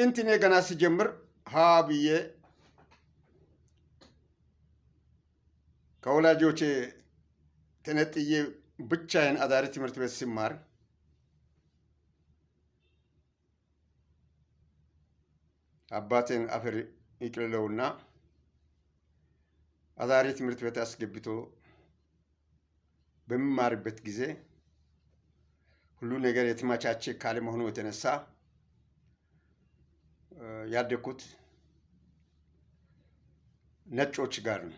ጥንት እኔ ገና ስጀምር ሀ ብዬ ከወላጆቼ ተነጥዬ ብቻዬን አዳሪ ትምህርት ቤት ሲማር አባቴን አፈር ይቅልለውና አዛሪ ትምህርት ቤት አስገብቶ በሚማርበት ጊዜ ሁሉ ነገር የተመቻቸ ካለመሆኑ የተነሳ ያደግኩት ነጮች ጋር ነው።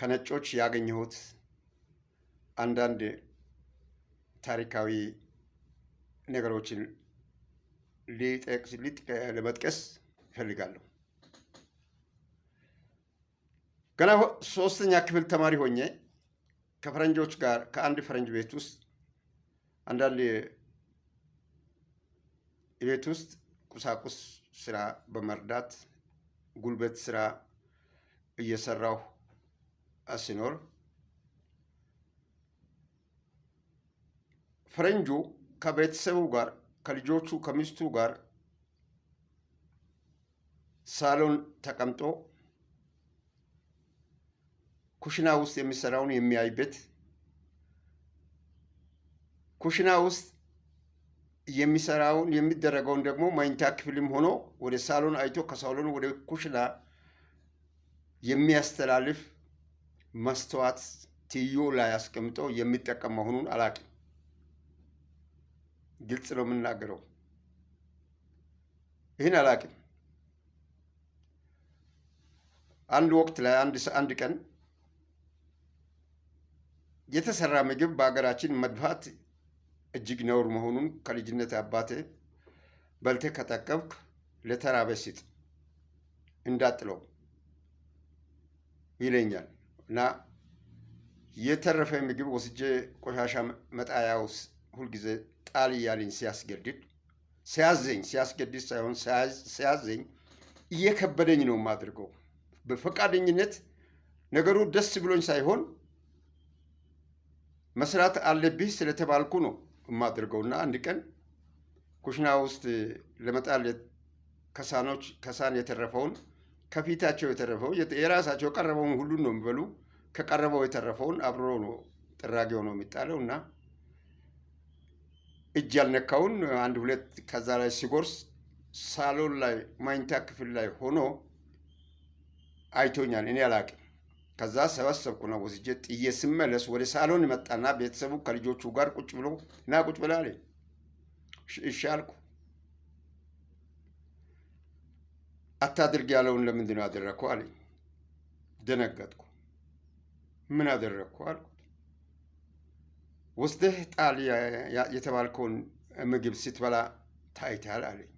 ከነጮች ያገኘሁት አንዳንድ ታሪካዊ ነገሮችን ለመጥቀስ እፈልጋለሁ። ገና ሶስተኛ ክፍል ተማሪ ሆኜ ከፈረንጆች ጋር ከአንድ ፈረንጅ ቤት ውስጥ አንዳንድ የቤት ውስጥ ቁሳቁስ ስራ በመርዳት ጉልበት ስራ እየሰራሁ ሲኖር ፈረንጁ ከቤተሰቡ ጋር ከልጆቹ ከሚስቱ ጋር ሳሎን ተቀምጦ ኩሽና ውስጥ የሚሰራውን የሚያይበት ኩሽና ውስጥ የሚሰራውን የሚደረገውን ደግሞ መኝታ ክፍልም ሆኖ ወደ ሳሎን አይቶ ከሳሎን ወደ ኩሽና የሚያስተላልፍ መስተዋት ትዮ ላይ አስቀምጠው የሚጠቀም መሆኑን አላውቅም። ግልጽ ነው የምናገረው። ይህን አላውቅም። አንድ ወቅት ላይ አንድ ቀን የተሰራ ምግብ በሀገራችን መድፋት እጅግ ነውር መሆኑን ከልጅነት አባቴ በልተ ከጠቀብክ ለተራበ ስጥ እንዳጥለው ይለኛል እና የተረፈ ምግብ ወስጄ ቆሻሻ መጣያ ውስጥ ሁልጊዜ ጣል እያለኝ ሲያስገድድ ሲያዘኝ ሲያስገድድ ሳይሆን ሲያዘኝ እየከበደኝ ነው የማድርገው። በፈቃደኝነት ነገሩ ደስ ብሎኝ ሳይሆን መስራት አለብህ ስለተባልኩ ነው። የማደርገውና አንድ ቀን ኩሽና ውስጥ ለመጣል ከሳኖች ከሳን የተረፈውን ከፊታቸው የተረፈው የራሳቸው የቀረበውን ሁሉን ነው የሚበሉ ከቀረበው የተረፈውን አብሮ ነው ጥራጌው ነው የሚጣለው እና እጅ ያልነካውን አንድ ሁለት ከዛ ላይ ሲጎርስ ሳሎን ላይ ማኝታ ክፍል ላይ ሆኖ አይቶኛል። እኔ አላቅም። ከዛ ነው ወስጄ ጥዬ ስመለስ ወደ ሳሎን መጣና ቤተሰቡ ከልጆቹ ጋር ቁጭ ብሎ ና ቁጭ ብላ እሺ አልኩ። አታድርግ ያለውን ለምንድን ነው ያደረግኩ አለኝ። ደነገጥኩ። ምን አደረግኩ አልኩ። ወስደህ ጣል የተባልከውን ምግብ ስትበላ ታይታል አለኝ።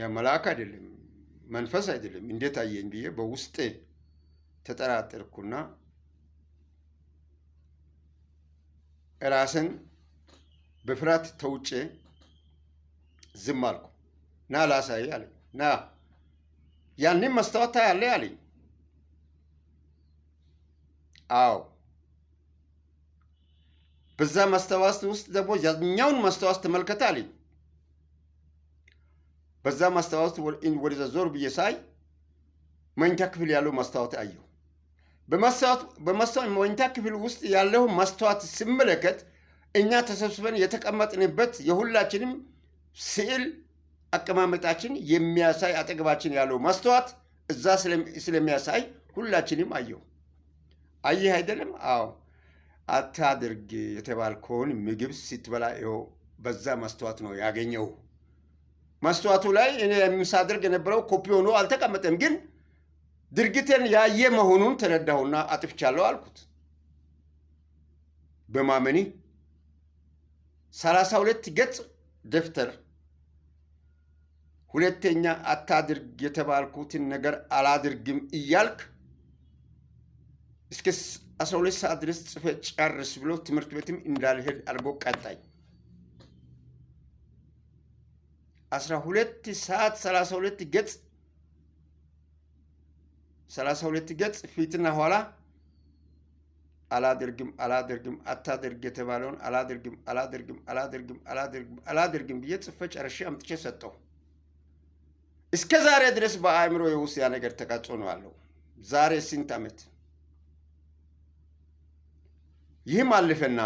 ያ መልአክ አይደለም መንፈስ አይደለም። እንዴት አየኝ ብዬ በውስጤ ተጠራጠርኩና ራስን በፍርሃት ተውጬ ዝም አልኩ። ና ላሳይ አለ። ና ያንን መስታወት ታያለህ አለኝ። አዎ በዛ መስታወት ውስጥ ደግሞ ያኛውን መስታወት ተመልከት አለኝ። በዛ ማስታወት ወደዛ ዞር ብዬ ሳይ መኝታ ክፍል ያለው ማስታወት አየሁ። መኝታ ክፍል ውስጥ ያለው መስታወት ስመለከት እኛ ተሰብስበን የተቀመጥንበት የሁላችንም ስዕል አቀማመጣችን የሚያሳይ አጠገባችን ያለው ማስታወት እዛ ስለሚያሳይ ሁላችንም አየሁ። አየህ አይደለም? አዎ። አታድርግ የተባልከውን ምግብ ስትበላ ይኸው በዛ መስታወት ነው ያገኘው። መስተዋቱ ላይ እኔ የሚሳደርግ የነበረው ኮፒ ሆኖ አልተቀመጠም፣ ግን ድርጊቴን ያየ መሆኑን ተረዳሁና አጥፍቻለሁ አልኩት። በማመኔ ሰላሳ ሁለት ገጽ ደብተር ሁለተኛ አታድርግ የተባልኩትን ነገር አላድርግም እያልክ እስከ 12 ሰዓት ድረስ ጽፈ ጨርስ ብሎ ትምህርት ቤትም እንዳልሄድ አድርጎ ቀጣኝ። ሁለት ሰዓት 32 ገጽ 32 ገጽ ፊትና ኋላ አላደርግም አላደርግም አታደርግ የተባለውን አላደርግም አላደርግም አላደርግም አላደርግም አላደርግም ብዬ ጽፌ ጨርሼ አምጥቼ ሰጠው። እስከ ዛሬ ድረስ በአእምሮ የውስጥ ያ ነገር ተቀርጾ ነው ያለው። ዛሬ ስንት ዓመት ይህም አለፈና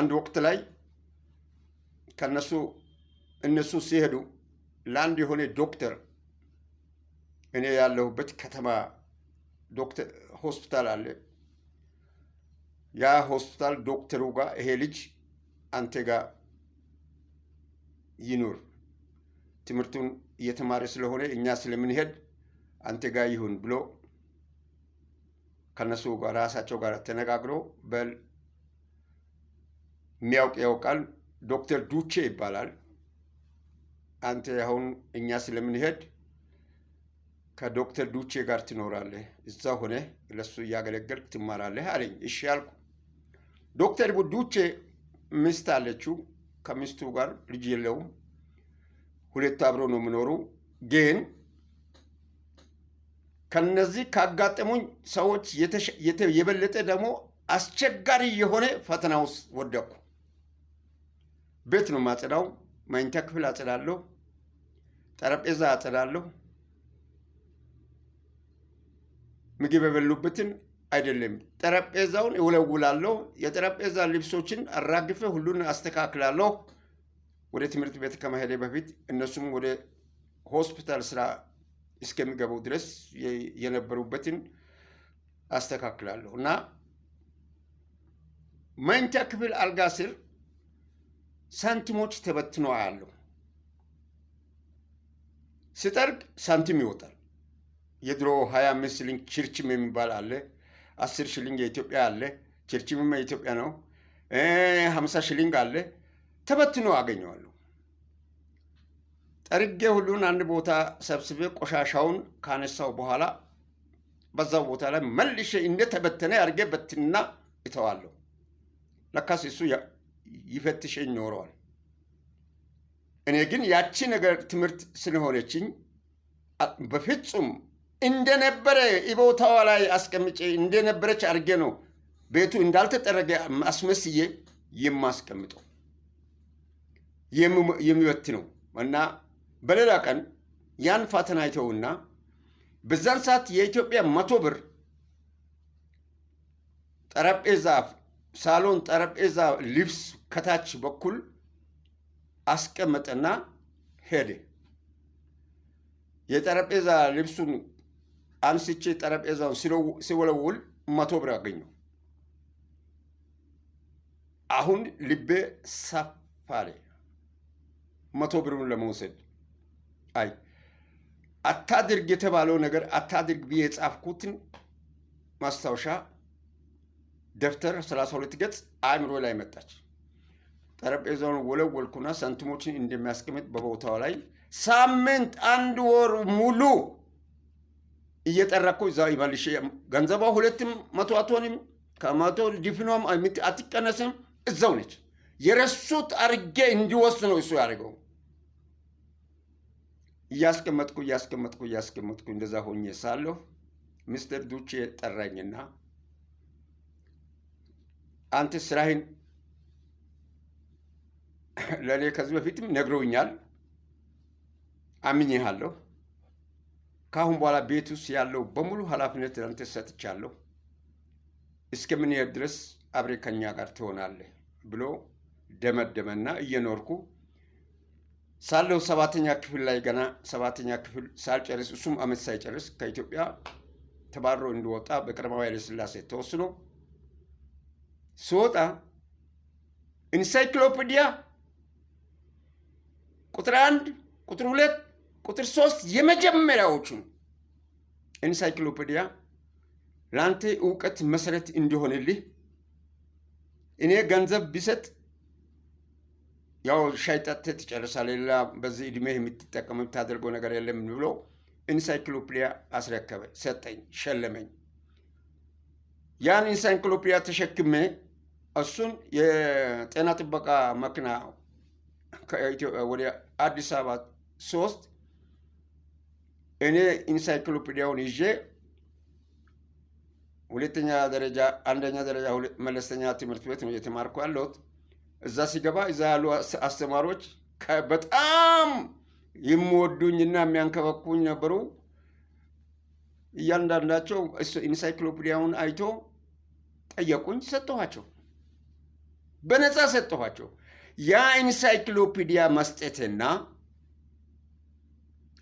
አንድ ወቅት ላይ ከነሱ እነሱ ሲሄዱ ለአንድ የሆነ ዶክተር እኔ ያለሁበት ከተማ ዶክተር ሆስፒታል አለ። ያ ሆስፒታል ዶክተሩ ጋር ይሄ ልጅ አንተ ጋር ይኑር፣ ትምህርቱን እየተማረ ስለሆነ እኛ ስለምንሄድ አንተ ጋር ይሁን ብሎ ከነሱ ራሳቸው ጋር ተነጋግሮ በል የሚያውቅ ያውቃል ዶክተር ዱቼ ይባላል። አንተ አሁን እኛ ስለምንሄድ ከዶክተር ዱቼ ጋር ትኖራለህ፣ እዛ ሆነ ለሱ እያገለገልክ ትማራለህ አለኝ። እሺ አልኩ። ዶክተር ዱቼ ሚስት አለችው። ከሚስቱ ጋር ልጅ የለውም። ሁለት አብሮ ነው የምኖሩ። ግን ከነዚህ ካጋጠሙኝ ሰዎች የበለጠ ደግሞ አስቸጋሪ የሆነ ፈተና ውስጥ ወደኩ። ቤት ነው ማጽዳው። መኝታ ክፍል አጽዳለሁ፣ ጠረጴዛ አጽዳለሁ። ምግብ የበሉበትን አይደለም ጠረጴዛውን እወለውላለሁ። የጠረጴዛ ልብሶችን አራግፌ ሁሉን አስተካክላለሁ። ወደ ትምህርት ቤት ከመሄዴ በፊት እነሱም ወደ ሆስፒታል ስራ እስከሚገባው ድረስ የነበሩበትን አስተካክላለሁ እና መኝታ ክፍል አልጋ ስር ሳንቲሞች ተበትነው አያለሁ። ስጠርግ ሳንቲም ይወጣል። የድሮ አምስት ሽሊንግ ችርችም የሚባል አለ። አስር ሽሊንግ የኢትዮጵያ አለ። ችርችምም የኢትዮጵያ ነው። 50 ሽሊንግ አለ። ተበትኖ አገኘዋለሁ። ጠርጌ ሁሉን አንድ ቦታ ሰብስቤ ቆሻሻውን ካነሳው በኋላ በዛው ቦታ ላይ መልሼ እንደተበተነ አድርጌ በትንና እተዋለሁ። ለካስ እሱ ይፈትሸኝ ኖረዋል። እኔ ግን ያቺ ነገር ትምህርት ስለሆነችኝ በፍጹም እንደነበረ ቦታዋ ላይ አስቀምጬ እንደነበረች አድርጌ ነው ቤቱ እንዳልተጠረገ አስመስዬ የማስቀምጠው የሚወት ነው እና በሌላ ቀን ያን ፈተና አይተውና በዛን ሰዓት የኢትዮጵያ መቶ ብር ጠረጴዛ ሳሎን ጠረጴዛ ልብስ ከታች በኩል አስቀመጠና ሄደ። የጠረጴዛ ልብሱን አንስቼ ጠረጴዛውን ሲወለውል መቶ ብር አገኘሁ። አሁን ልቤ ሰፋለ። መቶ ብሩን ለመውሰድ አይ አታድርግ የተባለው ነገር አታድርግ ብዬ የጻፍኩትን ማስታወሻ ደብተር 32 ገጽ አእምሮ ላይ መጣች። ጠረጴዛውን ወለወልኩና ሳንቲሞችን እንደሚያስቀምጥ በቦታው ላይ ሳምንት አንድ ወር ሙሉ እየጠረኩ እዛ ይመልሽ ገንዘቧ ሁለትም መቶ አትሆንም ከመቶ ድፍኖም አትቀነስም። እዛው ነች። የረሱት አርጌ እንዲወስድ ነው እሱ ያደርገው። እያስቀመጥኩ እያስቀመጥኩ እያስቀመጥኩ እንደዛ ሆኜ ሳለሁ ሚስተር ዱቼ ጠራኝና አንተ ስራህን ለእኔ ከዚህ በፊትም ነግረውኛል፣ አምኜሃለሁ። ከአሁን በኋላ ቤት ውስጥ ያለው በሙሉ ኃላፊነት ለአንተ ሰጥቻለሁ። ያህል ድረስ አብሬ ከኛ ጋር ትሆናለህ ብሎ ደመደመና እየኖርኩ ሳለው ሰባተኛ ክፍል ላይ ገና ሰባተኛ ክፍል ሳልጨርስ እሱም አመት ሳይጨርስ ከኢትዮጵያ ተባሮ እንዲወጣ በቀዳማዊ ኃይለሥላሴ ተወስኖ ስወጣ ኢንሳይክሎፒዲያ ቁጥር አንድ ቁጥር ሁለት ቁጥር ሶስት የመጀመሪያዎቹ ኢንሳይክሎፒዲያ ለአንተ እውቀት መሰረት እንዲሆንልህ እኔ ገንዘብ ቢሰጥ ያው ሻይ ጠጥተህ ትጨርሳለህ፣ ሌላ በዚህ እድሜ የምትጠቀም የምታደርገው ነገር የለም ብሎ ኢንሳይክሎፒዲያ አስረከበ፣ ሰጠኝ፣ ሸለመኝ። ያን ኢንሳይክሎፒዲያ ተሸክሜ እሱን የጤና ጥበቃ መኪና ወደ አዲስ አበባ ሶስት እኔ ኢንሳይክሎፒዲያውን ይዤ ሁለተኛ ደረጃ አንደኛ ደረጃ መለስተኛ ትምህርት ቤት ነው እየተማርኩ ያለሁት። እዛ ሲገባ እዛ ያሉ አስተማሪዎች በጣም የሚወዱኝና የሚያንከበኩኝ ነበሩ። እያንዳንዳቸው ኢንሳይክሎፒዲያውን አይቶ ጠየቁኝ፣ ሰጠኋቸው። በነፃ ሰጠኋቸው። ያ ኢንሳይክሎፒዲያ መስጠትና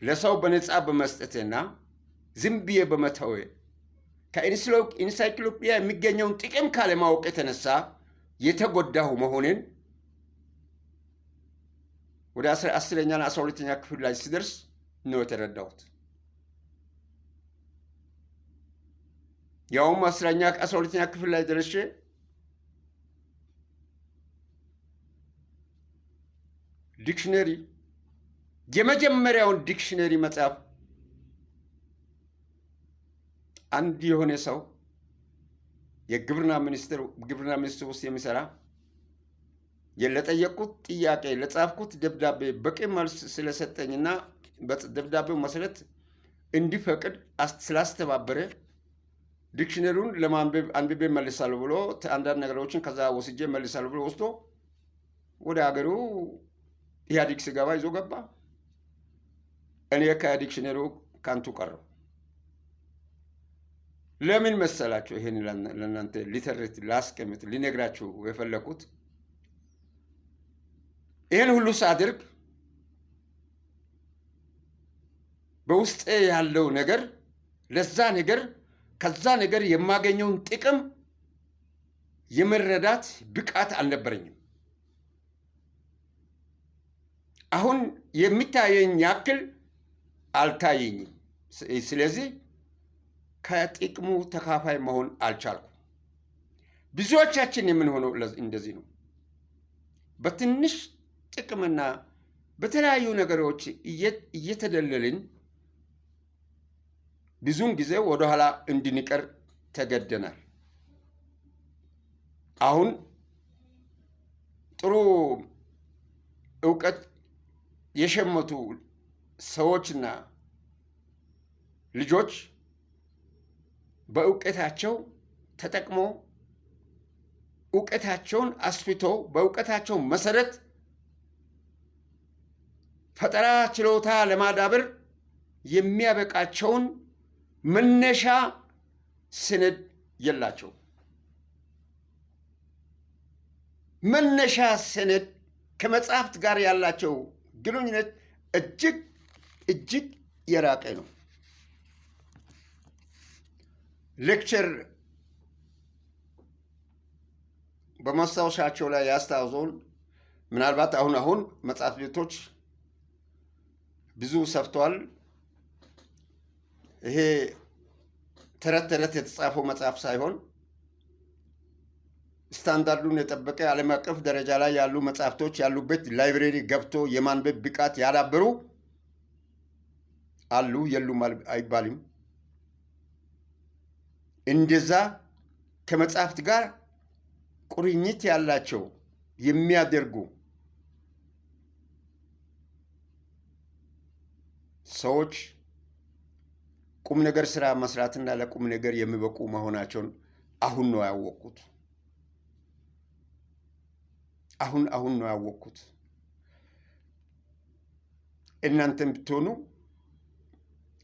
ለሰው በነፃ በመስጠትና ዝም ብዬ በመተው ከኢንሳይክሎፒዲያ የሚገኘውን ጥቅም ካለማወቅ የተነሳ የተጎዳሁ መሆንን ወደ አስረኛና አስራ ሁለተኛ ክፍል ላይ ሲደርስ ነው የተረዳሁት። ያውም አስረኛ አስራ ሁለተኛ ክፍል ላይ ደርሼ ዲክሽነሪ የመጀመሪያውን ዲክሽነሪ መጽሐፍ አንድ የሆነ ሰው የግብርና ሚኒስትር ግብርና ሚኒስትር ውስጥ የሚሰራ ለጠየቁት ጥያቄ ለጻፍኩት ደብዳቤ በቂ መልስ ስለሰጠኝና በደብዳቤው መሰረት እንዲፈቅድ ስላስተባበረ ዲክሽነሪውን ለማንበብ አንብቤ መልሳለሁ ብሎ አንዳንድ ነገሮችን ከዛ ወስጄ መልሳለሁ ብሎ ወስዶ ወደ ሀገሩ ኢህአዲግ ስገባ ይዞ ገባ። እኔ ከኢህአዲግ ሽኔሮ ከአንቱ ቀረው። ለምን መሰላቸው? ይሄን ለእናንተ ሊተርት ላስቀምጥ ሊነግራችሁ የፈለኩት ይህን ሁሉ ሳድርግ በውስጤ ያለው ነገር ለዛ ነገር ከዛ ነገር የማገኘውን ጥቅም የመረዳት ብቃት አልነበረኝም። አሁን የሚታየኝ ያክል አልታየኝም። ስለዚህ ከጥቅሙ ተካፋይ መሆን አልቻልኩም። ብዙዎቻችን የምንሆነው እንደዚህ ነው። በትንሽ ጥቅምና በተለያዩ ነገሮች እየተደለልን ብዙን ጊዜ ወደኋላ እንድንቀር ተገደናል። አሁን ጥሩ እውቀት የሸመቱ ሰዎችና ልጆች በእውቀታቸው ተጠቅሞ እውቀታቸውን አስፍቶ በእውቀታቸው መሰረት ፈጠራ ችሎታ ለማዳበር የሚያበቃቸውን መነሻ ሰነድ የላቸው። መነሻ ሰነድ ከመጽሐፍት ጋር ያላቸው ግንኙነት እጅግ እጅግ የራቀ ነው። ሌክቸር በማስታወሻቸው ላይ ያስታውዘውን ምናልባት አሁን አሁን መጽሐፍ ቤቶች ብዙ ሰፍተዋል። ይሄ ተረት ተረት የተጻፈው መጽሐፍ ሳይሆን ስታንዳርዱን የጠበቀ ዓለም አቀፍ ደረጃ ላይ ያሉ መጽሐፍቶች ያሉበት ላይብሬሪ ገብቶ የማንበብ ብቃት ያዳበሩ አሉ የሉም አይባልም። እንደዛ ከመጽሐፍት ጋር ቁርኝት ያላቸው የሚያደርጉ ሰዎች ቁም ነገር ስራ መስራትና ለቁም ነገር የሚበቁ መሆናቸውን አሁን ነው ያወቁት። አሁን አሁን ነው ያወቅኩት። እናንተም ብትሆኑ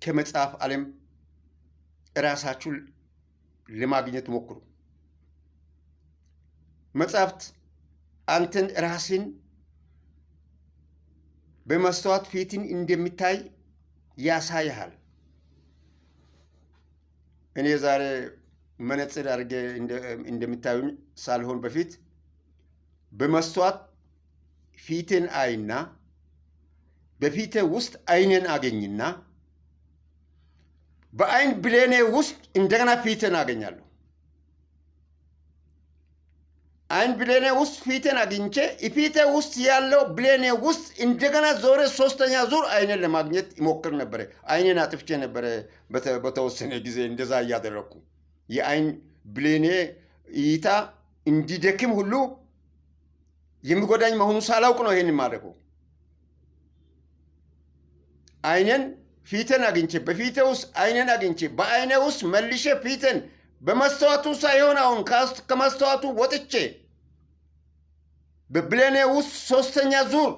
ከመጽሐፍ ዓለም እራሳችሁ ለማግኘት ሞክሩ። መጽሐፍት አንተን ራስን በመስታወት ፊትን እንደሚታይ ያሳይሃል። እኔ ዛሬ መነጽር አድርጌ እንደምታዩኝ ሳልሆን በፊት በመስተዋት ፊትን አይና በፊት ውስጥ አይንን አገኝና በአይን ብሌኔ ውስጥ እንደገና ፊትን አገኛለሁ። አይን ብሌኔ ውስጥ ፊትን አግኝቼ ፊቴ ውስጥ ያለው ብሌኔ ውስጥ እንደገና ዞሬ ሶስተኛ ዙር አይንን ለማግኘት ይሞክር ነበረ። አይንን አጥፍቼ ነበረ በተወሰነ ጊዜ እንደዛ እያደረግኩ የአይን ብሌኔ እይታ እንዲደክም ሁሉ የሚጎዳኝ መሆኑ ሳላውቅ ነው ይሄን የማደርገው። አይኔን ፊትን አግኝቼ በፊት ውስጥ አይኔን አግኝቼ በአይኔ ውስጥ መልሼ ፊትን በመስተዋቱ ሳይሆን አሁን ከመስተዋቱ ወጥቼ በብሌኔ ውስጥ ሶስተኛ ዙር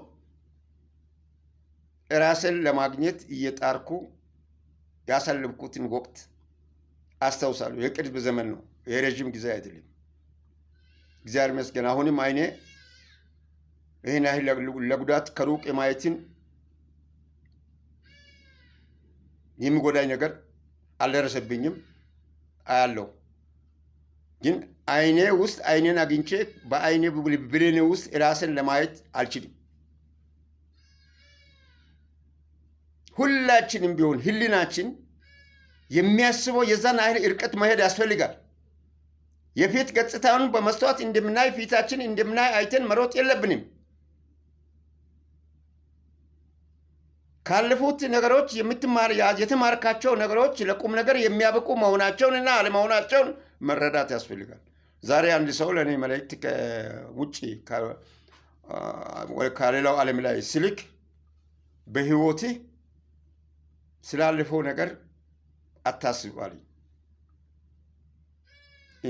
ራስን ለማግኘት እየጣርኩ ያሳልብኩትን ወቅት አስታውሳለሁ። የቅርብ ዘመን ነው፣ የረዥም ጊዜ አይደለም። እግዚአብሔር ይመስገን አሁንም አይኔ ይህን ያህል ለጉዳት ከሩቅ የማየትን የሚጎዳኝ ነገር አልደረሰብኝም። አያለው ግን አይኔ ውስጥ አይኔን አግኝቼ በአይኔ ብሌኔ ውስጥ ራስን ለማየት አልችልም። ሁላችንም ቢሆን ህሊናችን የሚያስበው የዛን ያህል እርቀት መሄድ ያስፈልጋል። የፊት ገጽታውን በመስተዋት እንደምናይ ፊታችን እንደምናይ አይተን መሮጥ የለብንም። ካለፉት ነገሮች የምትማር የተማርካቸው ነገሮች ለቁም ነገር የሚያበቁ መሆናቸውን እና አለመሆናቸውን መረዳት ያስፈልጋል። ዛሬ አንድ ሰው ለእኔ መልእክት ውጭ ከሌላው ዓለም ላይ ስልክ በህይወት ስላለፈው ነገር አታስባል።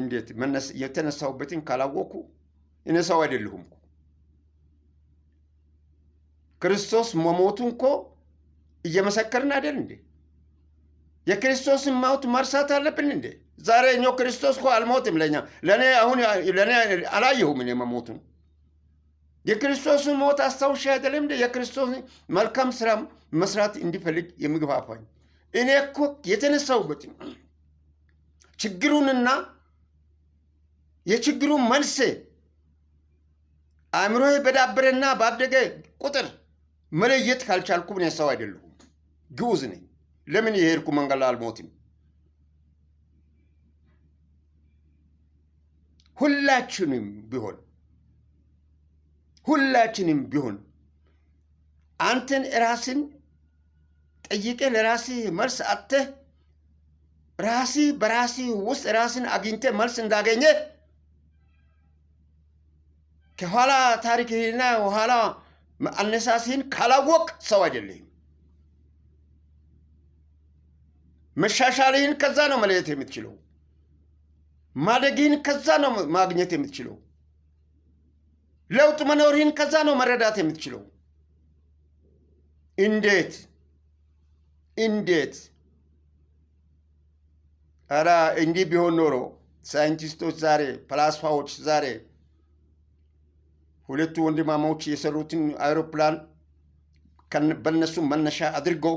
እንዴት የተነሳሁበትን ካላወቅኩ እኔ ሰው አይደለሁም። ክርስቶስ መሞቱን እኮ እየመሰከርን አይደል እንዴ? የክርስቶስን ማውት መርሳት አለብን እንዴ? ዛሬ እኛ ክርስቶስ እኮ አልሞትም ለእኛ ለእኔ አሁን ለእኔ አላየሁም እኔ መሞትም የክርስቶስን ሞት አስታውሻ አይደለም እንደ የክርስቶስን መልካም ስራ መስራት እንዲፈልግ የምግባፋኝ እኔ እኮ የተነሳውበት ችግሩንና የችግሩ መልስ አእምሮ በዳበረና ባደገ ቁጥር መለየት ካልቻልኩ እኔ ሰው አይደለሁ። ግዑዝ ነኝ። ለምን የሄድኩ መንገድ ላይ አልሞትም? ሁላችንም ቢሆን ሁላችንም ቢሆን አንተን ራስን ጠይቀ ለራስህ መልስ አተ ራሲ በራሲ ውስጥ ራስን አግኝተ መልስ እንዳገኘ ከኋላ ታሪክህና ኋላ አነሳስህን ካላወቅ ሰው አይደለህም። መሻሻልህን ከዛ ነው መለየት የምትችለው። ማደግህን ከዛ ነው ማግኘት የምትችለው። ለውጥ መኖርህን ከዛ ነው መረዳት የምትችለው። እንዴት እንዴት ኧረ እንዲህ ቢሆን ኖሮ ሳይንቲስቶች ዛሬ ፈላስፋዎች ዛሬ ሁለቱ ወንድማማዎች የሰሩትን አውሮፕላን በነሱ መነሻ አድርገው